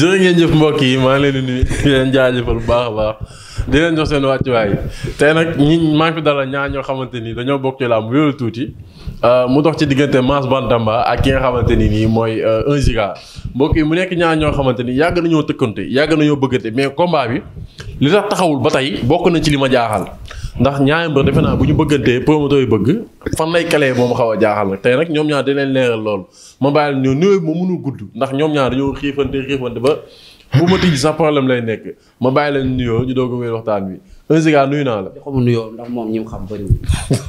jërë ngeen jëf mbokk yi maa ngi leen di nuyu di leen bu baax a baax di leen jox seen wàccuwaay tey nag ñi maa ngi fi dalal ñaar ñoo xamante ni dañoo bokk ci mu wéyal tuuti euh, mu dox ci diggante Mass Bantamba ak ki nga xamante ni nii mooy 1 euh, Giga mbokk yi mu nekk ñaar ñoo xamante ni yàgg nañoo tëkkante yàgg nañoo bëggante mais kombaa bi li tax taxawul ba tey bokk na ci li ma jaaxal ndax ñaari mbër defe naa bu ñu bëggantee promoteur yi bëgg fan lay calee moom xaw a jaaxal nag tey rek ñoom ñaar dinañ leeral lool ma bàyyi ñoo nuyoo ma mënul gudd ndax ñoom ñaar dañoo xiifante xiifante ba bu ma tijji sax lay nekk ma bàyyi leen nuyoo ñu doog a waxtaan wi un nuyu naa la. jox ko mu nuyoo xam bëriwul.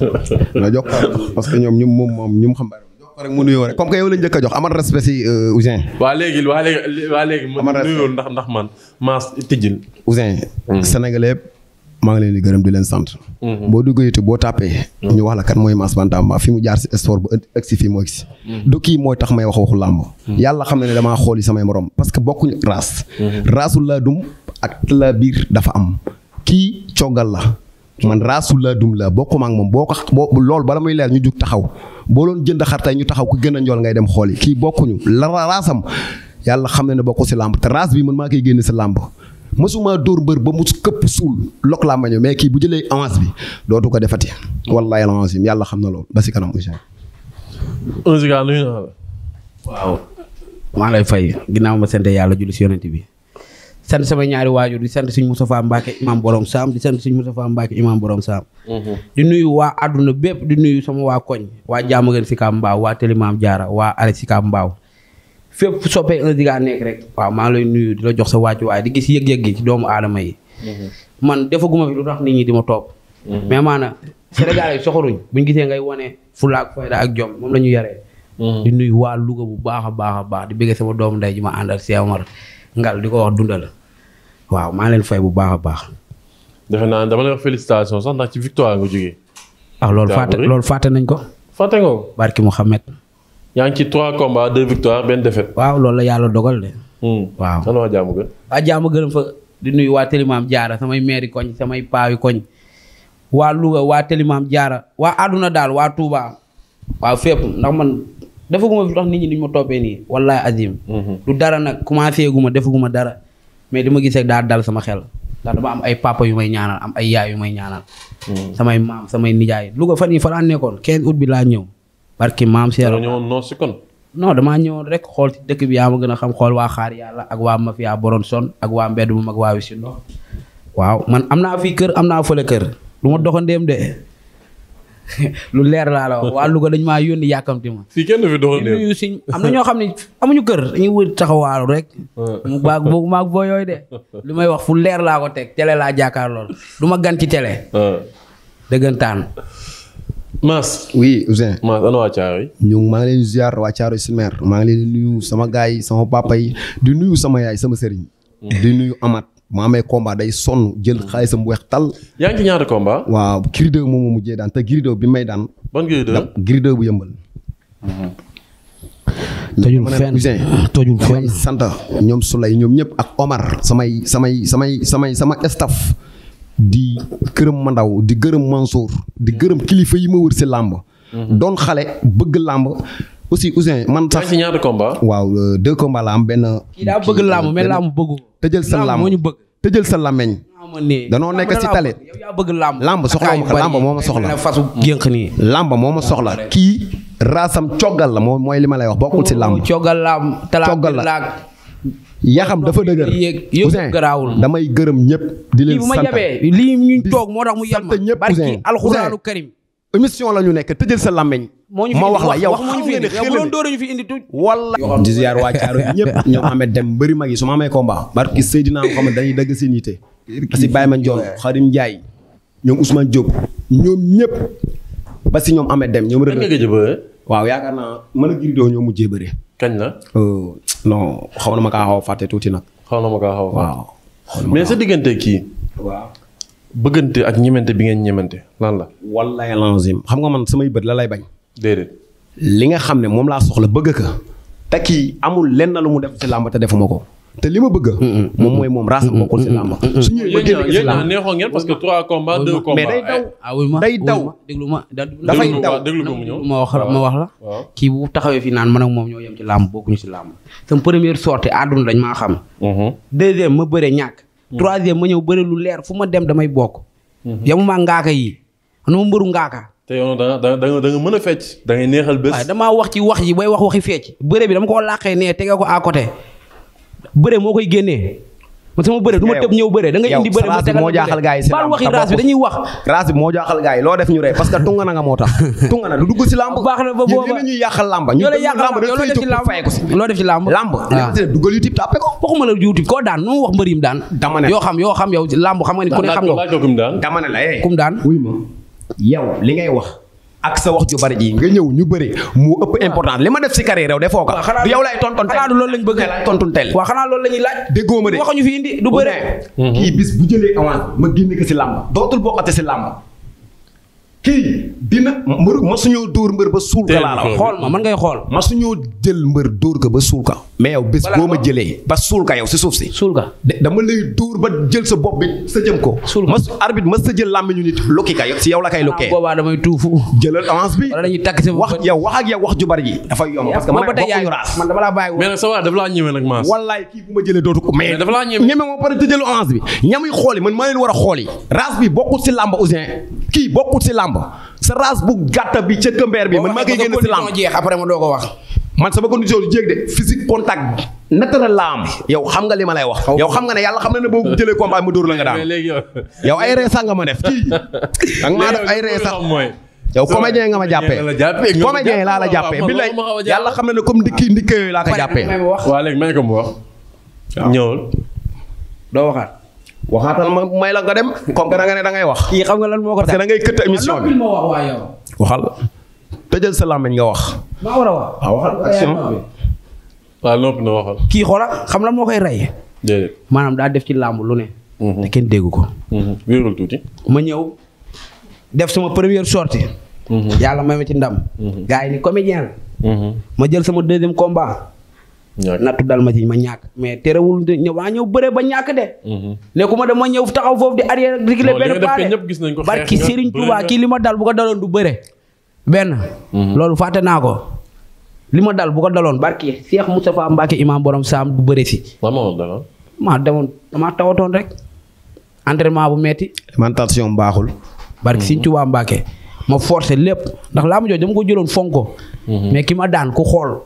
na jox parce que ñoom ñu moom moom ñu mu xam bëriwul jox ko rek mu nuyoo comme que yow lañ njëkk a jox amal respect si euh, Ouzin. waa léegi waa léegi waa léegi. amal respect ndax ndax man maa tijjil. Ouzin. Hmm. Sénégalais maa ngi leen di gërëm di leen sant. Mhm. boo duggee te boo tàppee. Mhm. ñu wax la kat mooy Mass Bantamba fi mu jaar si sport ba ëgg si fii moo gis. Mhm. du kii mooy tax may wax waxu làmb. yàlla xam na ne damaa xool yi samay morom parce que ñu raas. raasul laa dum ak la biir dafa am. kii coggal la. man raasul laa dum la bokkuma ak moom boo ko boo loolu bala muy leer ñu jug taxaw boo doon jënd xar ñu taxaw ku gën a njool ngay dem xool yi kii bokkuñu la raasam yàlla xam na ne bokku si làmb te raas bi maa koy génne si làmb. mësuma dóor mbër ba mu këpp suul lok laa ma mais kii bu jëlee avance bi dootu ko defati wallaahi avance bi yàlla xam na loolu ba si kanam incha allah. nuyu ginnaaw ma sant yàlla julli si yonent bi. sant sama ñaari waajur di sant suñ Moustapha Mbacke imam borom saam di sant suñ Moustapha Mbacke imam borom saam mhm. di nuyu waa àdduna bépp di nuyu sama waa koñ waa Diamaguène Sicap Mbao waa Télémam Diarra waa Arrêt Sicap Mbao fépp soppee un Diga nekk rek waaw maa lay nuyu di la jox sa wàccuwaay di gis yëg-yëg yi ci doomu aadama yi. Mm-hmm. man defaguma fi lu tax nit ñi di ma topp. Mm-hmm. mais maanaam Sénégal yi soxoruñ buñ gisee ngay wane fulla ak fayda ak jom moom la ñu yaree. Mm-hmm. di nuyu waa Louga bu baax a baax a baax di bëgg sama doomu nday ji ma àndal Seymar ngal di ko wax dundal waaw maa leen fay bu baax a baax. defe naa dama lay wax félicitation sax ndax ci victoire nga jógee. ah loolu fàtte loolu fàtte nañ ko. fàtte nga ko. barki Mouhamed. yaa ngi ci trois combats deux victoires benn défaite. waaw loolu la yàlla dogal de. Hmm. waaw nan waa jaamu gën. waa jaamu gën fa di nuyu waa Télimaam Jaara samay maire koñ samay paawi koñ waa waa Télimaam Jaara waa àdduna daal waa Touba. waaw fépp ndax man defaguma fi tax nit ñi ni ñu ma toppee nii wallahi azim. Hmm. du dara nag commencé gu ma defaguma dara mais dama gis rek daal dal sama xel ndax dama am ay papa yu may ñaanal am ay yaay yu may ñaanal. Hmm. samay maam samay nijaay Louga fan yi fa laa nekkoon 15 août bi laa ñëw. barki maam si yàlla ñëwoon noo si kon. non damaa ñëwoon rek xool ci dëkk bi yaa ma gën a xam xool waa xaar yàlla ak waa mafia boron son ak waa mbedd bu mag waaw man am naa fii kër am naa fële kër lu ma doxandeem leer laa la wax waa Louga dañ maa yónni yàkkamti ma. am na ñoo xam ne amuñu kër dañuy wër taxawaalu rek. mu baag boobu boo yooyu de li may wax fu leer laa ko teg télé laa jàkkaar lool du ma gan ci télé. dëggantaan. Mass. oui Ouzin. Mass ana waa Thiaroye. ñu maa ngi leen di waa Thiaroye si maa ngi leen nuyu sama gars yi sama papa di nuyu sama yaay sama sëriñ. Mm. di nuyu Amath. mu amee combat day sonn jël mm. xaalisam bu weex tal. yaa ngi ci ñaari komba waaw Girido moom moo mujjee daan te Girido bi may daan. ban Girido bu yëmbal. Mm-hmm. tojul fenn tojul fenn ñoom Souley ñoom ñëpp ak Omar. samay samay samay samay sama staff. di gërëm Mandaw di gërëm Mansour di mm-hmm. gërëm kilifa yi ma wër si làmb mm-hmm. doon xale bëgg làmb aussi Ouzin man sax ci ñaata combat waaw euh, deux combats la am benn. kii daa bëgg làmb mais làmb bëggu tëjël sa làmb moo ñu bëgg tëjël sa làmmeñ danoo nekk si tale làmb soxla làmb moo ma soxla fasu génq nii làmb moo ma soxla kii raasam coggal la moo mooy li ma lay wax bokkul si làmb coggal la yaxam dafa dëgër Ouzin damay gërëm ñëpp. di leen sant lii ñu toog moo tax mu yal ma barki alxuraanu karim émission la ñu nekk tëjël sa làmmeñ ma wax la moo xam nga ne xëy wala. di ziar waa Caaro ñëpp ñoom Ahmed dem bëri mag yi su ma amee combat. barki Seydina Mohamed dañuy dëgg seen yite. si Baye Mandione Xarim Ndiaye ñoom Ousmane Diop ñoom ñëpp ba si ñoom Ahmed dem ñoom. rëdd waaw yaakaar naa mën a giri ñoo mujjee bëri. non xaw na ma kaa xaw a fàtte tuuti nag. xaw na ma kaa xaw a waaw. mais sa diggante kii. waaw. bëggante ak ñemante bi ngeen ñemante lan la. wallaay lazim xam nga man samay bët la lay bañ. déedéet. li nga xam ne moom laa soxla bëgg ka te kii amul lenn lu mu def ci làmb te defuma ko. te li ma bëgg. moom mooy moom raas bokkul si làmb. su ñëwee ba que trois combats deux combats. mais day daw eh, ah, day daw déglu ma dafay daw déglu ko ma wax ma wax la. kii bu taxawee fi naan man ak moom ñoo yam ci làmb bokkuñu si làmb. sama première sortie àdduna dañ maa xam. Mm-hmm. deuxième ma bëre ñàkk. Mm-hmm. troisième ma ñëw bëre lu leer fu ma dem damay bokk. Mm-hmm. yamuma ngaaka yi man ma mbëru ngaaka. te yow da da nga mën a fecc. da neexal bés. damaa wax ci wax ji bay wax waxi fecc bëre bi dama koo làqee nee tege ko à côté bëre moo koy génnee man sama bëre du eh, tëb ñëw bëre da indi bëre moo jaaxal gars yi baal waxi nga moo tax tungana lu dugg si làmb baax na ba booba ñu yàqal làmb ñu lay yàqal làmb loo def ko si loo def ci ah. koo daan nu mu wax mbër yi daan dama yoo xam yoo xam yow làmb xam nga ni ku ne xam nga dama ne eh. kum daan yow li ngay wax ak sa wax ju bari jii nga ñëw ñu bëri mu ëpp important li ma def si carrière yow defoo ko du yow lay tonton xanaa du loolu lañ bëgg tonton tel waaw xanaa loolu la ñuy laaj déggoo ma de waxuñu fi indi du bëre kii bis bu jëlee avance ma génne ko si làmb dootul bokkati si làmb kii dina mbër masuñoo dóor mbër ba suul ka laa la xool ma man ngay xool masuñoo jël mbër dóor ka ba suul ka mais yow bés boo ma jëlee ba suul ka yow si suuf si suul ka dama lay dóor ba jël sa bopp bi sa jëm ko mas arbitre mas sa jël làmmiñu nit lokki ka si avance bi wala dañuy takk sa wax yow wax ak yow wax sa waa dafa laa ñëwee ma pare te jëlu avance bi ñamuy xooli leen war a xooli raas bi bokkut si làmb Ouzin kii bokkut si làmb làmb sa race bu gàtta bi ca këmbeer bi man maa koy génn si làmb jeex après ma doo ko wax man sama condition du jéeg de physique contact naturel la yow xam nga li ma lay wax yow xam nga ne yàlla xam na ne boo jëlee combat mu dóor la nga daan yow ay ree sax nga ma def kii danga maa def ay ree sax yow comédien nga ma jàppee comédien laa la jàppee bi yàlla xam na ne comme ndikki ndikke yooyu laa ko jàppee waaw léegi ma ne ko mu wax ñëwul doo waxaat waxaatal ma may la nga dem comme que da ne da ngay wax. kii xam nga lan moo ko tax da ngay këtt émission bi waxal tëjal sa làmmiñ nga wax. maa a wax. Ah, waaw waxal action. waaw noppi na waxal. kii xoola xam lan moo koy rey. déedéet maanaam daa def ci làmb lu ne. Mhm. te kenn dégg ko. Mhm. ma ñëw def sama première sortie mhm. yàlla may ma ci ndam. gars yi ni comédien la. ma jël sama deuxième combat. nattu dal ma ci ma ñàkk mais terewul waa ñëw bëre ba ñàkk de mhm. nekkuma dama ñëw taxaw foofu di arrière réglé benn paare barki Serigne Touba kii li ma dal bu ko daloon du bëre benn mhm. loolu fàtte naa ko li ma dal bu ko daloon barki Cheikh Moustapha Mbacke imam borom saam du bëre si ma demoon damaa tawatoon rek entraînement bu metti alimentation baaxul barki Serigne Touba Mbacke ma forcé lépp ndax laa ma jooju dama ko jëloon fonko mhm. mais ki ma daan ku xool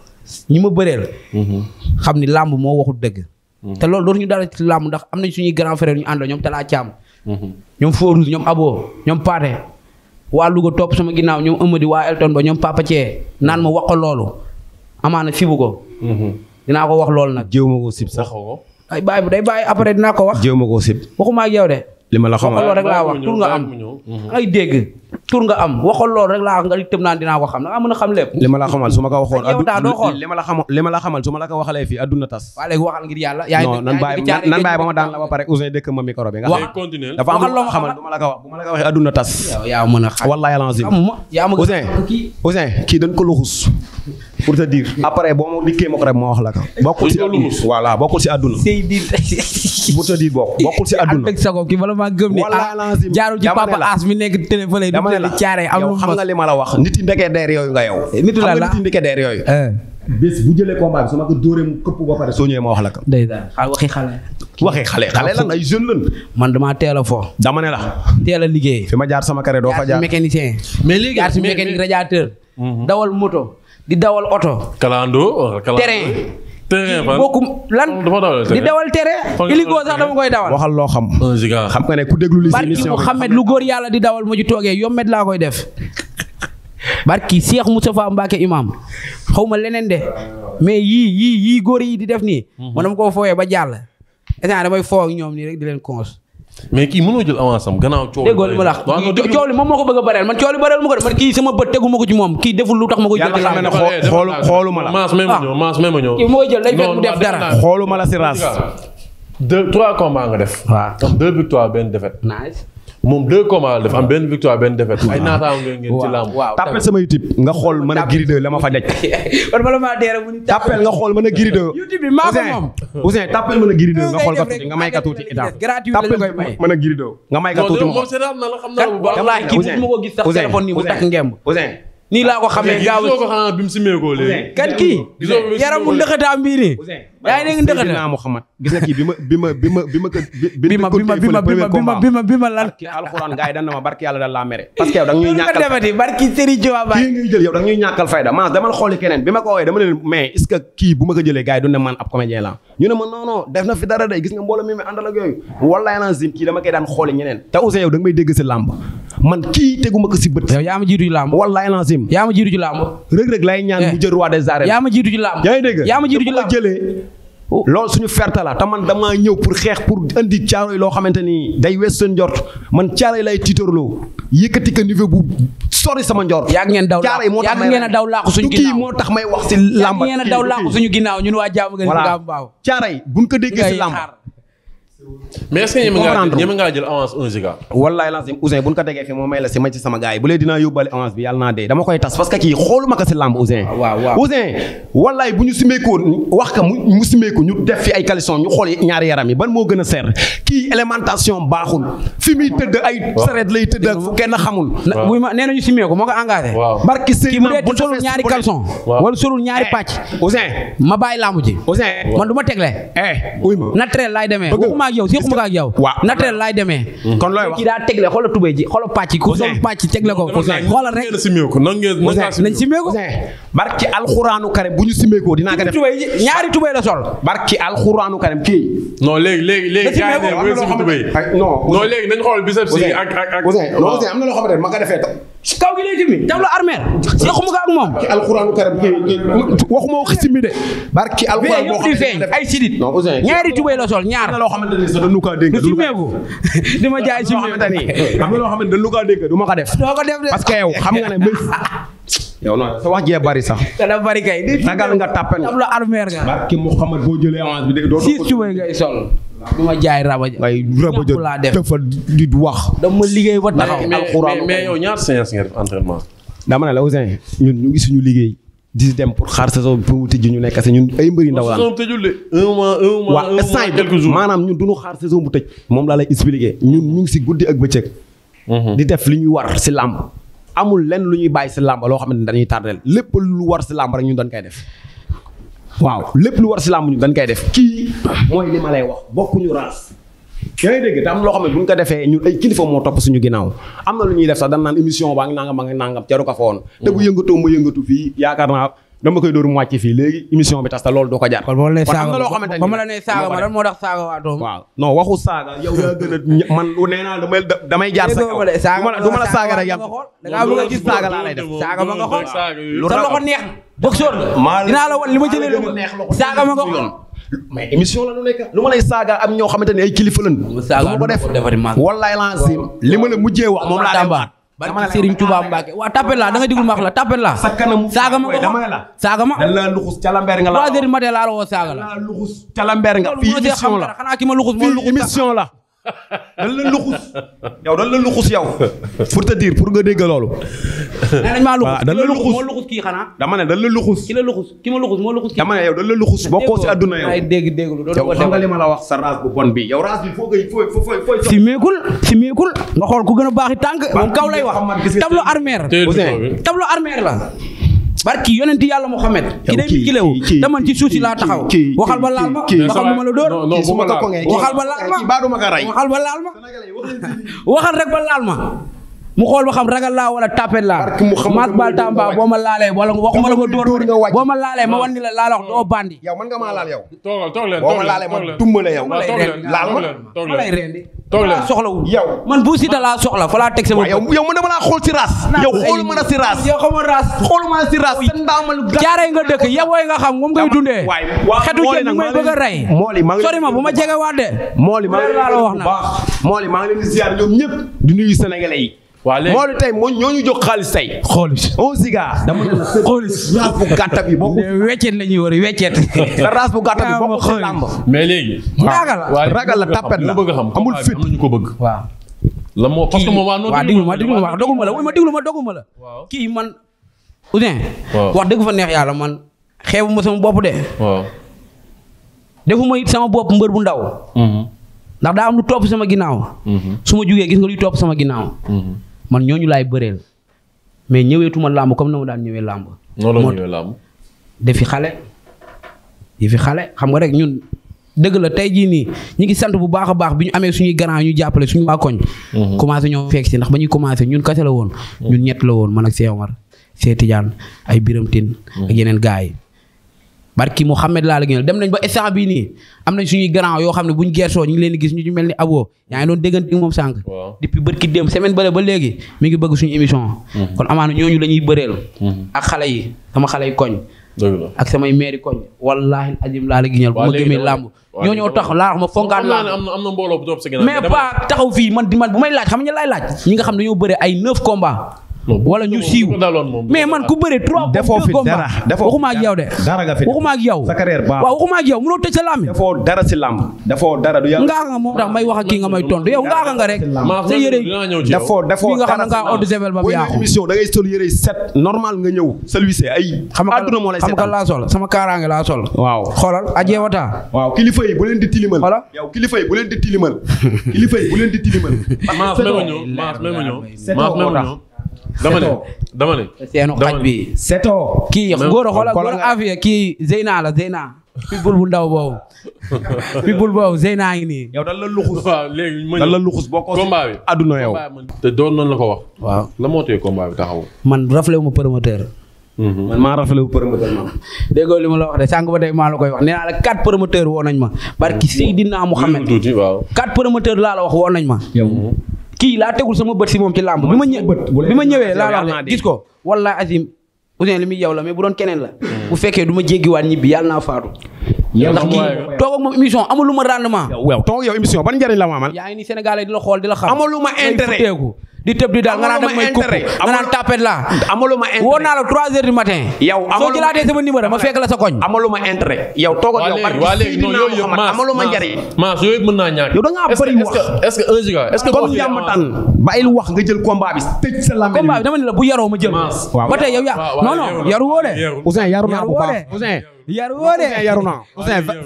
ñi ma bëreel. Mhm. xam ni làmb moo waxut dëgg. Mhm. te loolu dootuñu dara ci làmb ndax am nañ suñuy grand frère ñu àndoo ñoom Talla Thiam. Mhm. ñoom Fodou ñoom Abo ñoom Paate waa Louga topp sama ginnaaw ñoom Amady waa Elton ba ñoom Papa Thié naan ma wax ko loolu amaana fibu ko. dinaa ko wax loolu nag. jéem a ko sib sax. ay bàyyi bu day bàyyi après dinaa ko wax. jéem a sib waxuma ak de. li ma la xamal waxal loolu rek laa tur nga am. Mm-hmm. ay dégg tur nga am waxal loolu rek laa wax nga tëb naan dinaa ko xam da nga mën a xam lépp. li ma la xamal su ma ko waxoon. li ma la xamal li ma la xamal su ma la ko waxalee fii adduna tas. waa léegi ngir yàlla. yaa nan bàyyi ba ma daan la ba pare Ouzin dëkk ma micro bi. nga xam dafa am lu ma la ko wax bu ma la ko waxee adduna tas. yaa mën a xam wallaahi alazim. kii dañ ko luxus pour te dire après boo ma dikkee ma ko rek ma wax la ko bokkul si si àdduna bu tëdd yi bokk bokkul si àdduna ak sagoom ki bala maa gëm ne ah xam nga ma la wax nit yi yooyu nga yow eh, nitu la la nit yi ndekee deer yooyu eh. bés bu ko dóoree këpp ba pare soo ñëwee ma wax la ko day daal ah, waxi xale waxi xale lan ay jeune lan man damaa teel a fo dama ne la teel a liggéey fi ma jaar sama carré doo fa jaar mécanicien mais léegi jaar si mécanique radiateur mhm. dawal moto di dawal oto kalando terrain terrain fan bokkum lan di dawal tere iligoo sax dama koy dawal waxal loo xam xam nga ne ku déglu li si émission lu góor yàlla di dawal ma ci toogee yommet laa koy def barki Cheikh Moustapha Mbacke imam xaw ma leneen de mais yii yii yii góor yii di def nii mhm. man dama koo fooyee ba jàll a damay foo ak ñoom nii rek di leen cons mais kii mënoo jël avance am gannaaw coow li. déggoo li ma moom moo ko bëgg bareel man coow li ma ko def man kii sama bët teguma ko ci moom kii deful lu tax ma koy jël. yàlla xam ne eh, xoolu xooluma la. maas même ah. ñëw maas même ñëw. kii ma koy jël day fekk mu def dara. xooluma la si raas. deux trois combats nga def. waaw comme deux victoires benn défaite. moom deux combats nga xool mën a giri la ma fa daj. kon nga xool mën a giri de. youtube a nga xool ko tuuti nga may ka tuuti état. gratuit koy may tapel a giri nga may ka tuuti ma. non nii mu takk ngemb. nii laa ko xamee gaaw. gisoo ko xanaa bi mu simee ko yaa ngi dégg ndëxëtal Seydina Muhammad gis nga kii bi ma bi ma bi ma bi ma bi ma bi ma bi ma bi ma bi ma alxuraan gars yi na ma barki yàlla dañ laa mere parce que yow ñuy ñàkkal fayda barki Serigne xooli keneen bi ma ko woowee dama leen mais est kii bu ma ko jëlee gars yi man ab comédien la ñu ne ma non def na fi dara day gis nga mbooloo mi mi àndal ak yooyu wallaay na kii dama koy daan xooli ñeneen te Ousseyn yow da may dégg si làmb man kii teguma ko ma jiitu ci Oh. lool suñu fierté la te man damaa ñëw pour xeex pour indi caaro loo xamante ni day wees seen njort man caaro yi lay tiitarloo yëkkati ko niveau bu sori sama njort. yaa ngeen daw caaro moo tax may ngeen a daw laaxu moo tax may wax si làmb yaa ngeen a daw laaxu suñu ginnaaw ñun waa jaamu ngeen. voilà caaro yi buñ ko déggee si làmb mais est-ce que ñeme ngaa jël avance 1 giga. wallaay lancé Ouzin bu ñu ko tegee fii moom may la si ma ci sama gars yi bu lee dinaa yóbbaale avance bi yàlla naa dee dama koy tas parce que kii xooluma ko ah, ka mu simeeku ñu def fi a ma nee nañu simeeku moo ko engagé. waaw barki sëy bu dee solul ñaari caleçon. wala solul ñaari eh, pàcc. Ouzin ma bàyyi lamb ji. Ouzin man du ma tegle. eh na ak yow séquma ko ak yow naturel laay demee mm-hmm. kon looy wax kii daa tegle xoolal tubéy ji xoolal pàcc ku sol pàcc tegle ko xoolal rek nañ simeeku barki alxuraanu karim bu ñu simeekoo dinaa ko def tubéy ji ñaari tubéy la sol barki alxuraanu karim kii non léegi léegi léegi gars yi non léegi nañ xool biceps yi ak ak non am na loo xamante ma ko defee si kaw gi lay jëmi def la armeel waxuma ko ak moom. ci alxuraanu karam waxuma ko xisi mi de. barki alxuraan boo xam feeñ ay sidit ñaari tubéy la sol ñaar. loo xamante ni sax dañu kaa ma jaay si loo xamante ni am na loo xamante dañu kaa dénk du ma ko def. doo ko def de parce que yow xam nga ne bés. yow non sa wax jee bari sax. dana bari kay. ragal nga tàppe nga. daf la jëlee avance bi de tubéy ngay sol. bu ma jaay rabaja. waaye rabaja dafa di wax. dama liggéey ba taxaw alxuraan. yow ñaar séance nga def entraînement. dama ne la Ousin ñun ñu ngi suñu liggéey. di dem pour xaar saison bi pour tëj ñu nekk parce ñun ay mbëri ndaw la am. un mois maanaam ñun du ñu xaar saison bu tëj. moom laa lay expliquer ñun ñu ngi si guddi ak bëccëg. Mhm. di def li ñuy war si làmb. amul lenn lu ñuy bàyyi si làmb loo xam ne dañuy tardel lépp lu war si làmb rek ñun dañ koy def waaw lépp lu war si làmb ñu dañ koy def kii mooy li ma lay wax bokkuñu raas yaa ngi dégg te am loo xam ne bu ñu ko defee ñu ay kilifa moo topp suñu ginnaaw am na lu ñuy def sax dañ naan émission baa ngi nangam ba ngi nangam teru ko fa woon te bu yëngatoo mu yëngatu fii yaakaar naa dama koy dóor mu wàcc fii léegi émission bi tas ta loolu doo ko jaar. kon boo nee saaga ba ma la nee saaga ma lan moo tax saaga waa doom. waaw non waxu saaga a la saaga da a gis saaga ma nga xool la dinaa la wan lu ma mais émission la nu nekk lu saaga am ñoo xamante ne ay kilifa lañ du ma ko def wallaay lancim li ma la mujjee wax moom laa barke Serigne Touba waa tapet laa da nga digul ma wax la tapet laa. sa saaga ma ko saaga ma. dañ laa luxus la. trois heures la woo saaga la. dañ laa luxus calambeer nga. fii émission la ma luxus moo luxus la. dañ la luxus yow dañ la luxus yow. pour te dire pour nga dégg loolu. nee nañ maa luxus dañ ah, la moo luxus kii xanaa. dama ne dañ la luxus. ki la luxus ki ma luxus moo luxus. dama ne yow dañ la luxus bokkoo si àdduna yow. ay dégg dégg wax sa race bu bon bi yow race si meekul si meekul nga xool ku gën a baax tànk. moom kaw lay wax tableau armère. tableau armère la. barki yonenti yàlla Muhammad ki day mi kilewu dama ci suuf si laa taxaw waxal ba laal ma waxal ma la dóor waxal ba laal ma waxal ba laal ma waxal rek ba laal ma mu xool ba xam ragal laa wala tapet laa mas bal tamba boo ma laalee wala wax la ma dóor boo ma laalee ma wan ni la laal wax doo bandi yow man nga maa laal yow toogal toog leen boo ma laalee ma tumbale yow laal ma lay rendi toog leen soxla wu yow man bu sita laa soxla fa laa teg sama ma man dama laa xool si raas yow ma la si raas yow xamoo raas xoolu ma la si raas seen baamal jaaree nga dëkk yebooy nga xam moom ngay dundee xetu jën ñu may bëgg a rey sori ma bu ma jege waat de mooli maa ngi leen di ziar ñoom ñëpp di nuyu sénégalais yi waa léegi Mawla tey moo ñoo ñu jox xaalis tey. xoolis un cigare. dama ne la xoolis. raas bu gàtt bi bokk. weccet la ñuy war weccet. raas bu gàtt bi bokk ci làmb. mais la ragal la tapet la amul fit ñu ko bëgg. waaw. la moo parce que moom waa noonu. waaw déglu ma déglu ma doguma ma déglu ma doguma la. kii man. Ouzin. wax dëgg fa neex yàlla man. xeebu ma sama bopp de. waaw. defuma it sama bopp mbër bu ndaw. Mm-hmm. ndax daa am lu topp sama ginnaaw. Mm-hmm. su ma jugee gis nga luy topp sama ginnaaw. Mm-hmm. man ñooñu laay bëreel mais ñëweetuma làmb comme na ma daan ñëwee làmb. noonu la ñëwee làmb. defi xale defi xale xam nga rek ñun dëgg la tey jii nii ñu ngi sant bu baax a baax bi ñu amee suñuy garant ñu jàppale suñu waa koñ. Mhm. commencé ñoo fekk si ndax ba ñuy commencé ñun kase la woon. Mhm. ñun ñett la woon man ak Cheikh Omar Cheikh Tidiane ay Biram Tine mhm. yeneen gars yi. barki Mouhamed laa a gënal dem nañ ba instant bii nii am nañ suñuy grand yoo xam ne buñ gersoo ñu ngi leen di gis ñu ñu mel ni abo yaa ngi doon déggante moom sànq depuis bërki semaine ba léegi mi ngi bëgg suñu émission mhm. kon amaana ñooñu la bëreel mhm. ak xale yi sama xale yi koñ ak samay maire koñ wallahi azim laa la gënal bu ma gëmee làmb ñoo tax laa wax ma fonkaan laa am na fii man di bu may laaj xam nga laay laaj ñi nga xam dañoo bëre wala ñu siiw mais man ku bëre trois defoo fi dara waxuma ak yow de dara nga fi waxuma ak yow sa carrière baax waaw waxuma ak yow mënoo tëj sa làmb defoo dara du yàlla ngaa nga moom tax may wax kii nga may tontu yow ngaa nga xam nga eau de ba mu yàqu émission da ngay sol yére set normal nga ñëw celui-ci ay àdduna moo lay xam nga laa sol sama kaaraange laa sol waaw xoolal ajeewata waaw kilifa yi bu dama ne dama ne. seenu xaj bi. seto kii góor a xoolal góor a afiya kii Zeyna la Zeyna. pitbull bu ndaw boobu. pitbull boobu Zeyna ngi nii. yow dal la luxus. waaw léegi ma dal la luxus boo ko. combat bi adduna yow. te doon nañ la ko wax. waaw la moo taxaw. man raflé wu ma promoteur. Mhm. man maa rafetlu promoteur ma déggoo li ma la wax de sànq ba tey maa la koy wax nee naa la quatre promoteurs woo nañ ma barki mhm. Seydina Mouhamed. tuuti waaw quatre promoteurs laa la wax woo nañ ma. kii laa tegul sama bët si moom ci làmb bi ma ñë bi ma ñëwee laa wax ne gis ko walla azim Ouzin li muy yow la mais bu doon keneen la hmm. bu fekkee du ma jéggiwaat ñibbi yàlla naa faatu yow ndax kii toog ak moom émission amul lu ma rendement waaw toog yow émission ban njëriñ la ma man yaa ngi ni Sénégalais di la xool di la xam amul lu ma intérêt di tëb di daal nga naan daf may nga naan tapet laa. woo naa la 3 heures du matin. yow soo jëlaatee sama numéro ma fekk la sa koñ. amaluma intérêt. yow toogal yow barki fii dina Muhammad amaluma njariñ. maas yooyu mën wax est-ce que est-ce que hmm. wax nga jël combat bi tëj sa lambe combat bi dama ne la bu yaroo ma jël. ba tey yow yaa non yaru woo de. Ousseyn yaru naa bu baax yaru woo de yaru naa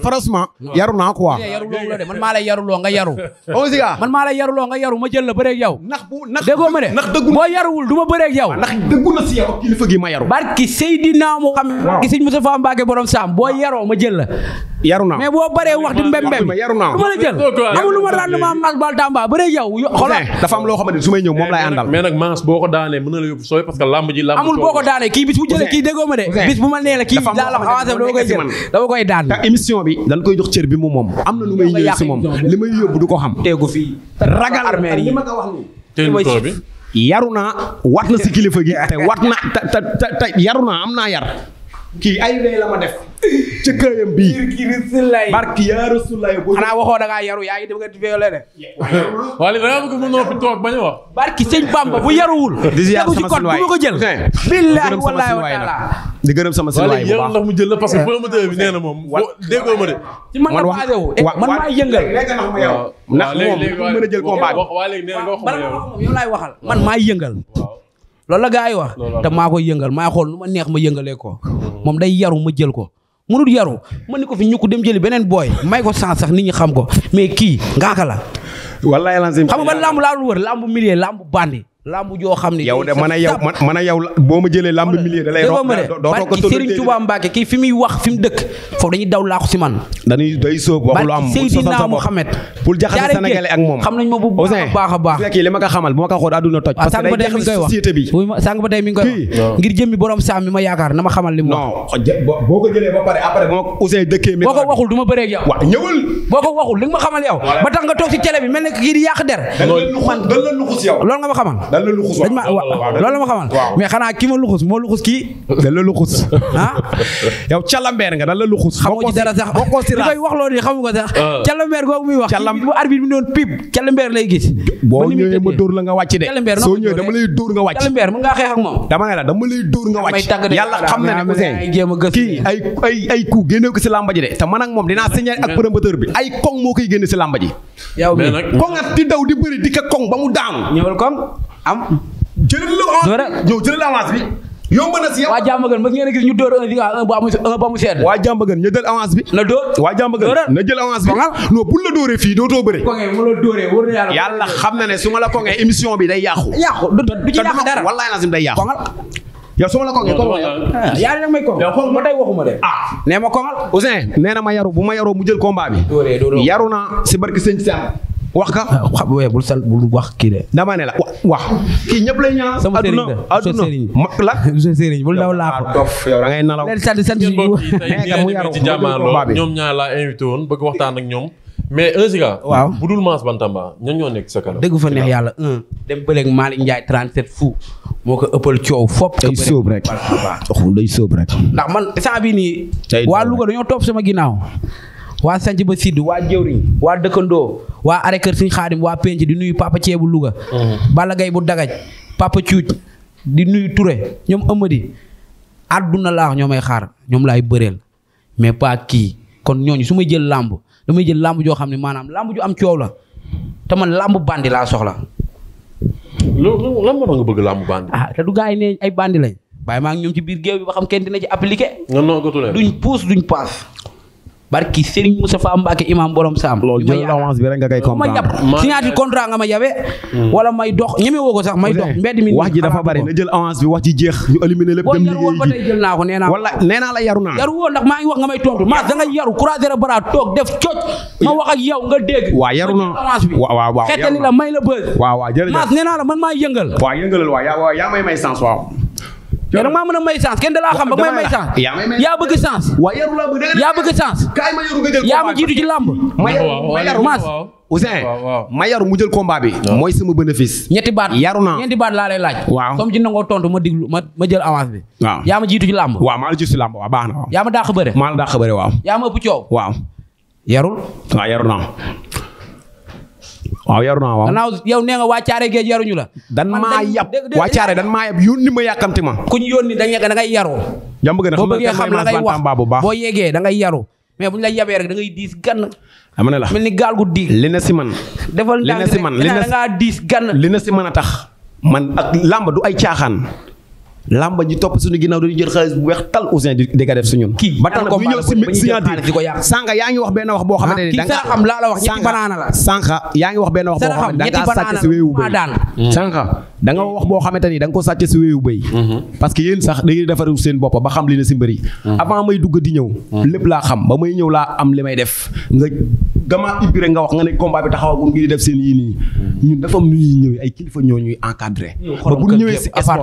franchement yaru naa quoi yaruloo la de man maa lay yaru Ouzia nga yaru ma jël la bëreeg yow ndax ma de ndax dëggu boo yaruwul du ma bëreeg yow ndax dëggu na si yow kilifa gi ma yaru barki Seydina moo xam gi sëñ Moustapha Mbacké borom saam boo yaroo ma jël la yaru naa mais boo baree wax mbembem yaru la jël amul boo ko daanee na la yóbbu sooy kii bis bu jëlee kii déggoo ma de bis bu ma nee la kii daa la ko avancé koy jël dama koy daan te émission bi dañ koy jox cër bi mu moom am na lu may ñëw si moom li may yóbbu du ko xam teegu fii ragal armeer yi yaru naa wat na si kilifa gi te wat na te te yaru naa am naa yar kii ay ree la ma def ci këyam bii barki yaa Rasulaay xanaa waxoo da ngaa yaru yaa ngi dem nga di violé de wala da nga bëgg mu noppi toog bañ a wax barki sëñ Bamba bu yaruwul tegu ci code bu ma ko jël billaahi wallaahi wa taala di gërëm sama silwaay bu baax ndax mu jël la parce que eh. promoteur bi nee na moom déggoo ma de ci man la basé wu eh, man maa yëngal léegi ndax moom mën a jël combat bi waaw léegi nee na nga wax ma yow laay waxal man maa yëngal loolu la gaa yi wax te maa koy yëngal maa xool nu ma neex ma yëngalee ko moom day yaru ma jël ko mënul yaru mën ni ko fi ñukk dem jëli beneen booy may ko sans sax nit ñi xam ko mais kii ngaaka la wallaay lancé xam nga lamb laa wër lamb millier lamb bandi làmb joo xam ne. yow de man a yow man a yow boo ma jëlee lamb milieu da lay. doo ko tëddee Serigne wax fi mu dëkk foofu dañuy daw si man. dañuy day sóob wax lu am bu Seydina Mohamed. xam nañ ma bu baax a baax. fekk li ma ko xamal bu ma ko xool àdduna toj. parce que day jaxase société bi sànq ba tey mi ngi koy wax ngir jëmmi borom saam mi ma na ma xamal li mu wax. non boo ko jëlee ba pare après boo ko Ousseyn dëkkee. boo ko ma bëree ak yow. waaw ñëwal. boo ma xamal yow. ba tax nga toog si télé bi mel ne kii di yàq der. man loolu nga ma xamal dañ la luxus dañ loolu ma xamal mais xanaa ki ma luxus moo luxus kii dañ la luxus ah yow calambeer nga dañ la luxus xamoo ci dara sax boo ko si koy wax euh. ma dóor la nga wàcc de soo ñëwee dama lay nga wàcc moom dama ne la dama lay dóor nga wàcc yàlla xam na ne kii ay ay ay coup génne ko si làmba ji de te man ak moom dinaa signé ak promoteur bi ay kong moo koy génne si làmba ji yow mi kongat di daw di bëri di ka kong ba mu daanu ñëwal kong am. jëlal la avance dóora ñëw jëlal avance bi. yomb na si yow. waa Diamaguène a gis ñu dóor un ba mu un waa Diamaguène ñu jël avance bi. na dóor waa Diamaguène na jël avance bi. non bu la dóoree fii dootoo bëre. kooku mu la dóoree wóor xam na ne su ma la kongee émission bi day yàqu. yàqu du ci yàq dara wallaahi lazim day yàqu. yow su ma la kongee kongoo yow. Ah, yaa ngi may kong yow kong ma ah. ma kongal. Ousseyn nee na ma yaru bu ma yaroo mu jël combat bi. yaru na si barki sëñ Sam wax ka ah, waaye bul sal bul wax kii de dama ne la wax kii ñëpp lay ñaan sama sëriñ la aduna mag la sëriñ bul daw laa ko dof yow da ngay nalaw ci jàmmaarloo ñoom ñaar laa invité nekk sa kanam dëgg fa neex yàlla un dem bëleeg Malick Ndiaye 37 fou moo ko ëppal coow fop day sóob rek ndax man saa waa Louga dañoo topp sama ginnaaw waa sanc ba sidd waa jëwriñ waa dëkkandoo waa are kër suñ xaadim waa penc di nuyu papa ceebu Louga mhm. Balla Gaye bu dagaj papa cuuj di nuyu Touré ñoom ëmadi àdduna laax ñoo may xaar ñoom laay bëreel mais pas kii kon ñooñu su may jël làmb damay jël làmb joo xam ne maanaam làmb ju am coow la te man làmb bandi laa soxla loolu lan moo tax nga bëgg làmb bandi ah te du ne ay bandi lañ bàyyi maa ngi ñoom ci biir géew bi ba xam kenn dina ci appliqué duñ puus duñ paas barki Serigne Moustapha Mbacké imam borom saam loolu jël avance bi rek nga koy ma yabe hmm. wala may dox ñeme woo ko sax may dox mbedd mi wax ji dafa bari na jël avance bi wax ji jeex ñu éliminer lépp dem liggéey ba tey jël naa ko nee naa wala nee naa la yaru naa yaru woo ndax maa ngi nga may tontu ma da nga yaru croiser le bras def cooc ma wax ak yow nga dégg waa yaru na avance bi waaw waaw waaw xettali la may la bëgg waaw waaw jërëjëf ma nee la man maa yëngal waaw yëngalal waaw yaa may may sens waaw mais nag maa mën a may chance kenn da laa xam ba may may chance yaa bëgg chance yaa bëgg chance yaa ma jiitu ci làmb maas Ousseyn ma yaru mu jël combat bi mooy sama bénéfice ñetti baat yaru naa ñetti baat laa lay laaj waaw comme ci nangoo tontu ma diglu ma ma jël avance bi waaw yaa ma jiitu ci làmb waa maa la jiitu ci làmb waaw baax na waaw yaa ma dàq bëre maa la dàq bëre waaw yaa ma ëpp yarul waaw yaru waaw yaru naa waaw. yow nee nga waa caare géej yaruñu la. dan maa yab waa caare dan maa yab yónni ma yàkkamti ma. ku ñu yónni da ngay yaru. jàmm gën a xam nga xam la ngay wax boo yegee da ngay yaru mais bu ñu la yabee rek da diis gann. am na la mel ni gaal gu diig. li na si man. defal li na si man li na si man li na si man a tax. man ak làmb du ay caaxaan. lamba ji topp suñu ginnaaw dañu jël xaalis bu weex tal Ouzin di di ko def suñun ba tax na bu ñëw si signature sànqa yaa ngi wax benn wax boo ah, xamante ne danga xam laa la wax ñetti banaana la sànqa yaa ngi wax benn wax boo xamante ne danga sàcc si wéewu bay daan mm. sànqa da nga wax boo xamante ni da nga ko sàcc si wéewu bay mm-hmm. parce que yéen sax da ngeen defaru seen bopp ba xam li ne si mbëri mm. avant may dugg di ñëw mm. lépp laa xam ba may ñëw laa am li may def nga damaa ibbi rek nga wax nga ne combat bi taxawagul ngi def seen yii nii ñun dafa am nu ñuy ñëwee ay kilifa ñoo ñuy encadré. ba sa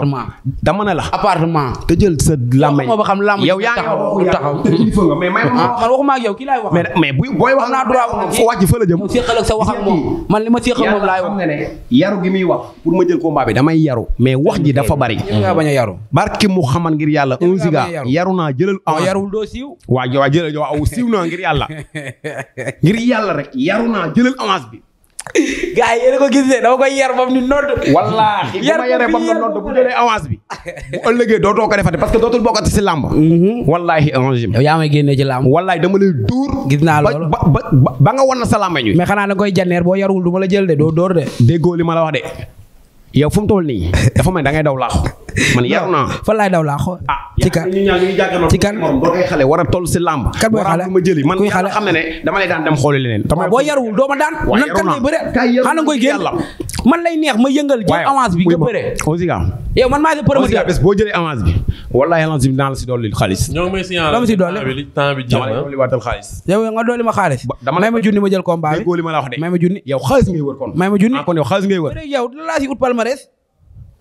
làmb yi xam làmb yow yaa ngi taxaw te kilifa nga mais may ah, man waxuma ak yow kii mais mais booy wax naa droit foo wàcc fa la jëm. mu seqal ak sa wax ak moom man li ma seqal moom laay wax. yaru gi muy ma jël combat bi damay yaru mais wax ji dafa bari. nga bañ a yaru. barke Muhammad ngir yàlla un ziga yaru naa jëlal. a yarul doo siiw. waaw jëlal yow aw siiw naa ngir yàlla ngir yàlla yàlla rek yaru naa jëlal avance bi. gars yi yéen a ko gis ne dama koy yar ba mu nodd. wallaahi bu ma yaree ba mu nodd bu jëlee avance bi. bu ëllëgee dootoo ko defati parce que dootul bokkati si làmb. Mhm. wallaahi angime. yow yaa génnee ci làmb. wallaahi dama lay dóor. gis naa loolu ba ba ba nga wan na sa làmba ñu. mais xanaa da koy janneer boo yarul du ma la jël de doo dóor de. déggoo li ma la wax de yow fu toll nii dafa may da ngay daw laaxu man yar naa. daw laa xool. Ah, ci kan ci kan si làmb. kat booy xale ma jëli man yàlla xam ne dama lay daan dem xooli leneen. boo yarul doo ma daan. nan kan lay bëre xanaa ngoy génn man lay neex ma yëngal jël avance bi nga bëre. aussi ka yow man maa ngi promoteur boo jëlee avance bi. wallaahi avance bi naa la si dolli xaalis. ñoo si dolli temps bi jeex na dama lay dolliwaatal xaalis. yow nga dolli ma xaalis. dama may ma junni ma jël combat bi. may ma junni yow xaalis ngay kon. may ma junni ah,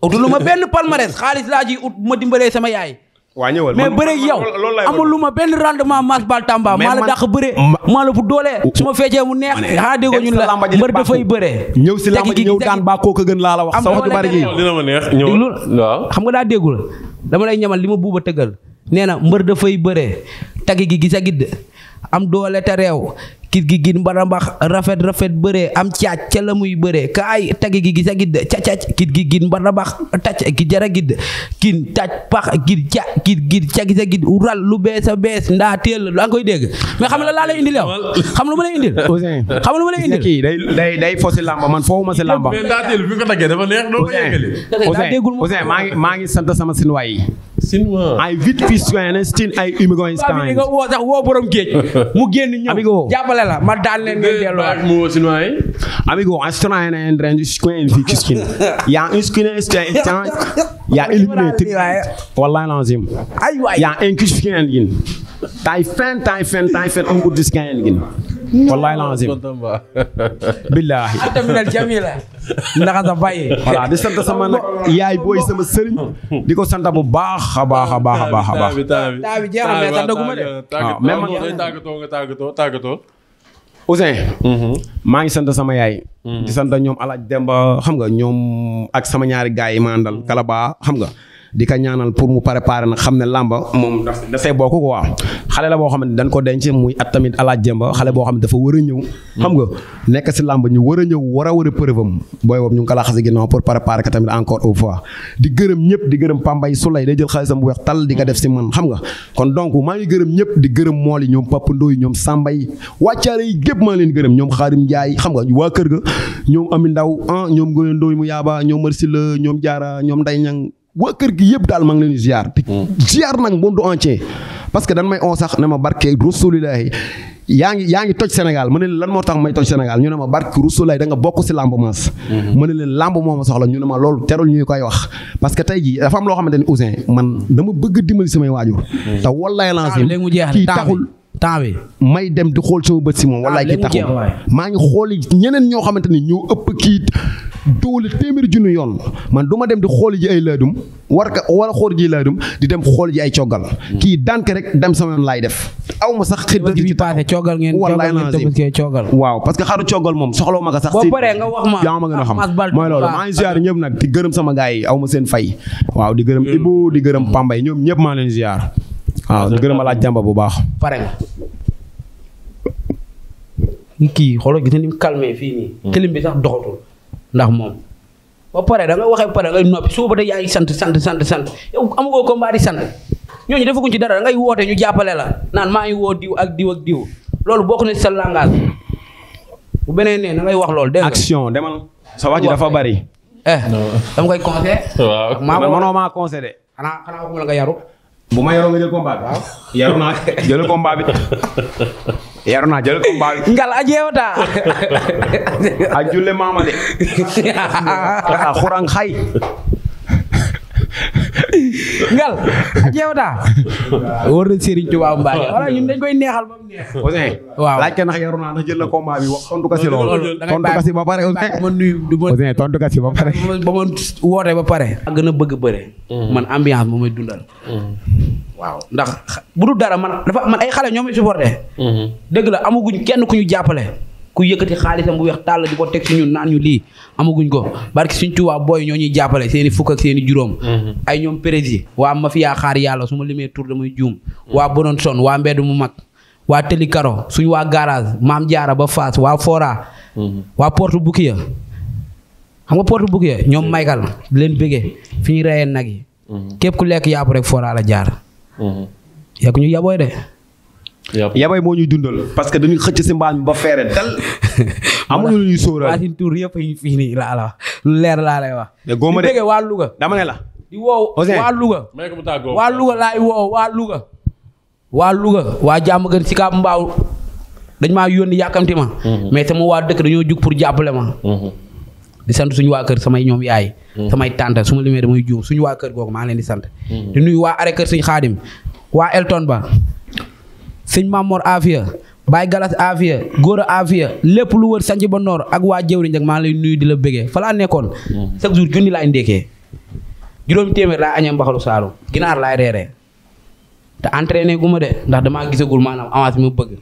utulu ma benn palmarès xaalis laa ji ut ma dimbalee sama yaay. waa ñëwal mais bëre yow amul lu ma benn rendement Mass Bal Tamba maa la dàq bëre maa la bu doole oh, oh. su ma feccee mu neex xanaa ah, déggoo ñun la mbër dafay bëre ñëw si làmb ji ñëw daan baa koo ko gën laa la wax sa wax ju bari ji dina ma neex ñëwal waaw xam nga daa déggul dama lay ñamal li ma buuba tëggal nee na mbër dafay bëre tagi gi gis a gidd am doole te réew kit gi gin mbara mbax rafet rafet bëree am caac ca la muy bëree kaay tagi gi gisa gidd cacac kit gi gin mbara mbax tac gi jara gidd kin tac pax gid ca kit gid ca gisa gidd ral lu bees a bees ndaa teel la nga koy dégg mais xam la laa lay indil yow xam lu ma lay indil xam lu ma lay indil day day day man foo ma si lamba mais ndaa teel ko tagee dafa neex doo ko yeggali maa ngi maa ngi sant sama sinuwaay yi Sinwaa ay vite fiscales tin ay immigrants. Sinwaa bi ni nga woo sax woo borom géej. mu génn ñëw amigo jàppale la ma daan leen ngeen delloo. mais mu woo Sinwaa yi. amigo astronome na ndren skin vite skin yaa un skin instant yaa éliminé tri wallahi lazim yaa un skin gin tay fen tay fen tay fen un good skin gin wallahi laazim billaahi voilà di sant sama nag yaay booy sama sëriñ di ko santa bu baax a baax a baax a baax a baax tàggatoo tàggatoo Ouzin maa ngi sant sama yaay mm-hmm. di sant ñoom alaaj Demba xam nga ñoom ak sama ñaari gaay yi ma àndal kalaba xam nga di ka ñaanal pour mu préparer nag xam ne làmba moom dafay bokk quoi xale la boo xam ne dañ ko denc muy at tamit alaaj jëmba xale boo xam ne dafa war a ñëw xam nga nekk si làmb ñu war a ñëw war war a booy boobu ñu ngi ko laxasi ginnaaw pour préparer ko tamit encore une fois gërëm ñëpp di gërëm Pambay Souley day jël xaalisam bu weex tal di ko def si man xam nga kon donc maa gërëm ñëpp di gërëm mool yi ñoom Papa ñoom Samba yi wàccaale yi gépp leen gërëm ñoom Xaarim Njaay xam nga waa kër ga ñoom Ami Ndaw ah, ñoom Ngoye Ndoy mu yaaba ñoom Marsi la ñoom Jaara ñoom Nday Ñang waa kër gi yëpp daal maa ngi leen di ziar. te hmm. ziar nag monde entier parce dan may on sax ne ma barke rasulilahi yaa ngi yaa ngi toj Sénégal ma ne leen lan moo tax may toj Sénégal ñu ne ma barke rasulilahi da nga bokk si lamb maas. Hmm. ma ne leen lamb moo ñu ne ma loolu terul ñuy koy wax. parce que tey jii dafa am loo xamante ni Ouzin man dama bëgg dimbali samay waajur. Hmm. te wallaay lancé kii taxul. temps bi may dem di xool sama bët si moom. wallaay kii taxul maa ngi xooli ñeneen ñoo xamante ni ñoo ëpp kii wala téeméeri junni yoon man du ma dem di xool ji ay laadum war ka wala xool ji laadum di dem xool ji ay coggal kii dànk rek dem sama yoon laay def aw ma sax xëy ci paase coggal ngeen coggal waaw parce que xaru coggal moom soxlaw ma ko sax boo paree nga wax ma yaa ma gën a xam mooy loolu maa ngi ziar ñëpp seen fay waaw di gërëm Ibou di gërëm Pambay ñoom ñëpp maa leen ziar waaw di gërëm alaaj jàmba bu baax pare nga kii xoolal gis ni mu calmé fii nii. tilim hmm. bi sax doxatul. ndax moom ba pare da nga waxee ba pare ngay noppi suba ba tey yaa ngi sant sant sant sant yow amugoo combat di sant ñooñu defaguñ ci dara da ngay woote ñu jàppale la naan maa ngi woo diw ak diw ak diw loolu bokk na ci sa langage bu beneen nee na ngay wax loolu dégg action demal sa wax ji dafa bari eh dama koy conseillé waaw manoo maa conseillé xanaa xanaa waxuma la nga yaru bu ma yaroo nga jël combat bi. waaw naa jël combat bi. ngal a jeewata. a julle maama de. a xurang xay. ngal ak yow daa war na Serigne Touba Mbacke wala ñun dañ koy neexal ba mu neex. Ousseyn ka ndax yaru na jël na combat bi wax tontu kasi loolu. ba pare Ousseyn. ma nuyu du ma Ousseyn tontu ba pare. ba ma woote ba pare. a gën bëgg bëre. Mm. man ambiance moom may dundal. Mm. waaw ndax bu dul dara man dafa man ay xale ñoom mm-hmm. ñu dëgg la amaguñ kenn ku ñu jàppale. ku yëkkati xaalisam bu weex tàll di ko teg si ñun naan ñu lii amaguñ ko barki suñ tuwaa booy ñoo ñuy jàppale seen i fukk ak seen i juróom mhm. ay ñoom prési waa mafia xaar yàlla su ma limee tur damay juum waa bonoon son waa mbedd mu mag waa tëli karo suñ waa garage maam jaara ba faas waa fora mhm. waa porte boukiya xam nga porte boukiya ñoom maykal mhm. leen bëggee fi ñu reyee nag yi képp ku lekk yàpp rek fora la jaar yàgg ñu yabooy de yabay moo ñuy dundal parce que dañuy xëcc si mbaañ ba feere dal amuñu lu ñuy sóoraal Fatim Tour yëpp yi fii laa la wax lu leer laa lay ne la di woow waa Louga waa Louga laay woow waa Louga waa Louga waa jàmm gën si kaa mbaaw dañ maa yónni yàkkamti ma mhm. mais sama waa dëkk dañoo jug pour jàppale ma mhm. di sant suñu waa kër samay ñoom yaay mhm. samay tànta su ma limee damay juum suñu waa kër googu maa ngi leen di sant di waa arrêt kër xaadim waa Elton ba sëñ Mamor Afia Baye Galas Afia Gora Afia lépp lu wër sanc ba noor ak waa jëwriñ ak maa lay nuyu di la bëggee fa laa nekkoon. Mm. chaque jour junni laay ndékkee juróomi téeméer laa añam mbaxalu saalum ginaar laay reeree te entraîné gu ma de ndax damaa gisagul maanaam avance bi ma bëgg.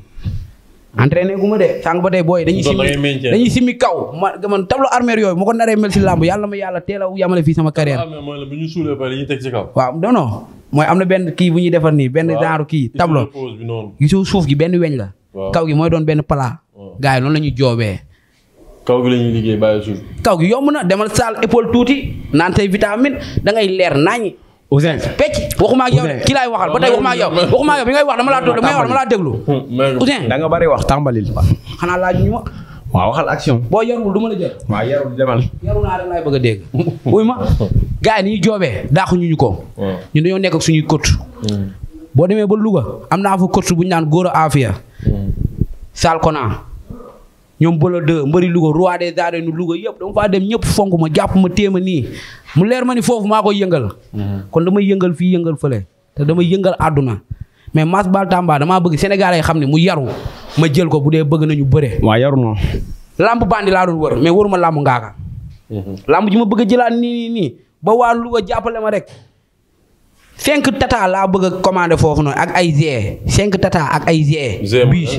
entraîné gu ma de sànq ba tey booy dañuy simi kaw ma man tableau armère yooyu ma ko naree mel si làmb yàlla ma yàlla a yamale fii sama carrière waaw non mooy am na benn kii bu ñuy defar nii benn genre kii tableau gisoo suuf gi benn weñ la kaw gi mooy doon benn plat gars yi noonu la ñuy joobee kaw gi la ñuy liggéey bàyyi suuf kaw gi yomb na demal saal épaule tuuti naan tey vitamine da ngay leer nañi Ouzin pecc waxuma ak yow de ki waxal ba tey waxuma ak yow waxuma ak yow bi ngay wax dama laa toog dama wax dama laa déglu. Hmm, Ouzin da bari wax tàmbalil. xanaa laaj ñu ma. waxal action. boo yarul du ma la jël. waaw yarul demal. yarul bëgg a dégg. wuy ma gars ni ñu joobee daaxuñu ñu ko. Hmm. ñun dañoo nekk ak suñuy coach. Hmm. boo demee ba Louga am naa fa coach bu ñu naan Gora Afia. Sal Kona ñoom Bolo 2 mbëri Louga roi des arènes Louga yëpp dama faa dem ñëpp fonk ma jàpp ma téema nii mu leer ma ni foofu maa koy yëngal. Mhm. kon damay yëngal fii yëngal fële te damay yëngal àdduna mais Mass Bal Tamba damaa bëgg Sénégalais yi xam ne mu yaru ma jël ko bu dee bëgg nañu bëre. waaw yaru noonu. lamb bandi laa doon wër mais ma lamb ngaaka. Mhm. lamb ji ma bëgg a jëlaat nii nii nii ba waa Louga jàppale ma rek. cinq tata laa bëgg a commandé foofu noonu ak ay G cinq tata ak ay G. bus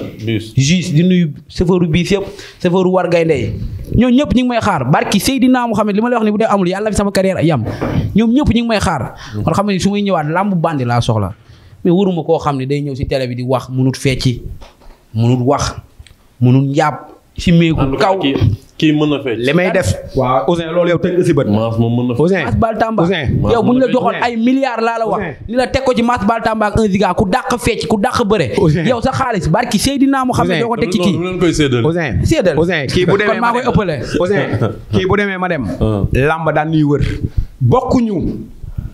di nuyu chauffeur bus yëpp chauffeur war gaynde yi ñoom ñëpp ñu ngi may xaar barki Seydina Mouhamed li ma la wax ni bu dee amul yàlla fi sama carrière yam ñoom ñëpp ñu ngi may xaar. kon xam ne su may ñëwaat làmb bandi laa soxla mais waruma koo xam ne day ñëw si télé bi di wax munut fecci munut wax munut njàpp si meeku kaw. kii mën na fecc li may def. waaw Ouzin loolu yow teg nga si bët. Mass moom mën na fecc ñu la joxoon ay milliards laa la wax. ni la teg ko ci Mass Bantamba ak 1 ku dàq fecc ku dàq bëre. yow sa xaalis barki Seydina mu xam ne doo ko teg ci kii. loolu koy séddale. Ouzin séddale Ouzin kii bu demee ma dem ah. làmb daan ñuy wër bokkuñu.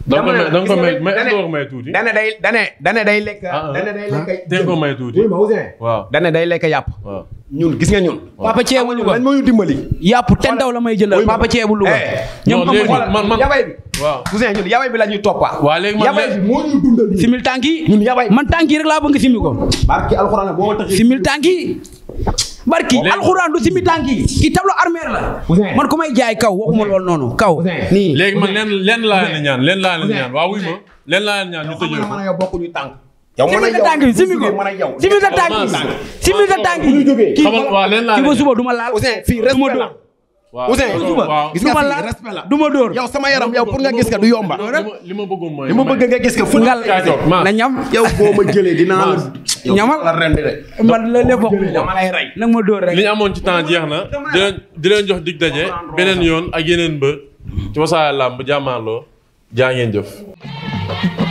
dama ne da nga ko may mais dane day dane dane lekk. dane day lekk ah, ah. Ah, jën ko may tuuti. waaw dane day lekk yàpp. ñun gis nga ñun. papa ceebu Louga lan moo ñu la may jëndal papa ceebu eh. Louga. ñoom amul man man yabay bi. la ñuy toppa. waaw léegi man yabay bi moo ñu simil tànk man tànk yi rek laa bëgg simil ko. simil tànk barki alxuraan du simi tànk yi kii tableau armère la man ku may jaay kaw waxuma lool noonu kaw nii léegi man len leen laa leen ñaan leen laa leen ñaan waa wuy ma leen laa leen ñaan ñu tëjee ko yow a tànk yow mën a yow tànk yi simi ko simi sa tànk kii ba suba du ma laal fii rek du ma Ousseyn gis nga la respect la du ma door yow sama yaram yow pour nga gis ka du yomba. li ma bëggoon mooy li ma bëgg nga gis ka fu nga la ñam. yow boo ma jëlee dinaa la. ñamal ma ren de. man la lépp dama lay rey. nag ma dóor rek li ñu amoon ci temps jeex na. di leen di leen jox dig daje beneen yoon ak yeneen ba ci Wassare Lamb jàmmaarloo jaa ngeen jëf.